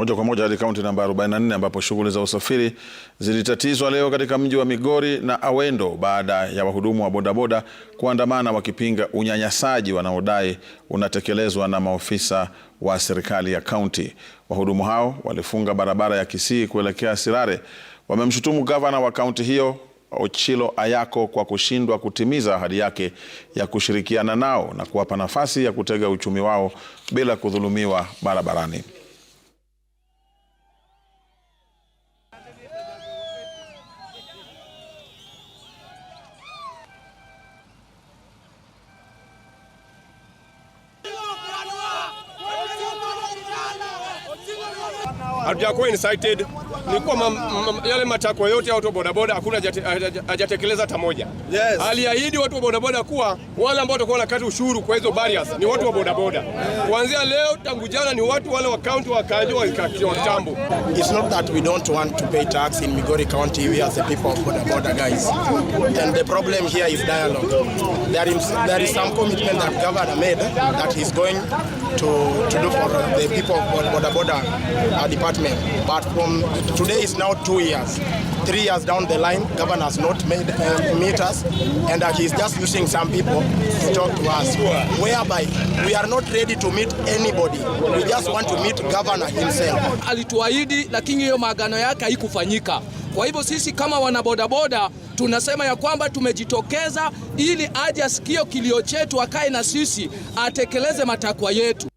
Moja kwa moja hadi kaunti namba 44 ambapo shughuli za usafiri zilitatizwa leo katika mji wa Migori na Awendo baada ya wahudumu wa bodaboda kuandamana wakipinga unyanyasaji wanaodai unatekelezwa na maofisa wa serikali ya kaunti. Wahudumu hao walifunga barabara ya Kisii kuelekea Sirare. Wamemshutumu gavana wa kaunti hiyo Ochilo Ayako kwa kushindwa kutimiza ahadi yake ya kushirikiana nao na kuwapa nafasi ya kutega uchumi wao bila kudhulumiwa barabarani. hatujakuwa incited. Ni ma, yale matakwa yote ya watu wa bodaboda hakuna hajatekeleza hata moja. Yes. Aliahidi watu wa bodaboda kuwa wale ambao watakuwa wanakata ushuru kwa hizo barriers ni watu wa bodaboda. Kuanzia leo tangu jana ni watu wale wa county wa wa Kitambo. It's not that we don't want to pay tax in Migori County we the people of bodaboda guys. And the problem here is dialogue. There is there is some commitment that governor made that he's going to to do for the people of bodaboda department. But from today is now two years. Three years down the line, governor has not made uh, meet us, and uh, he's just using some people to talk to us, whereby we are not ready to meet anybody. We just want to meet governor himself. Alituahidi, lakini hiyo maagano yake haikufanyika. Kwa hivyo sisi kama wanabodaboda tunasema ya kwamba tumejitokeza ili aje asikio kilio chetu, akae na sisi, atekeleze matakwa yetu.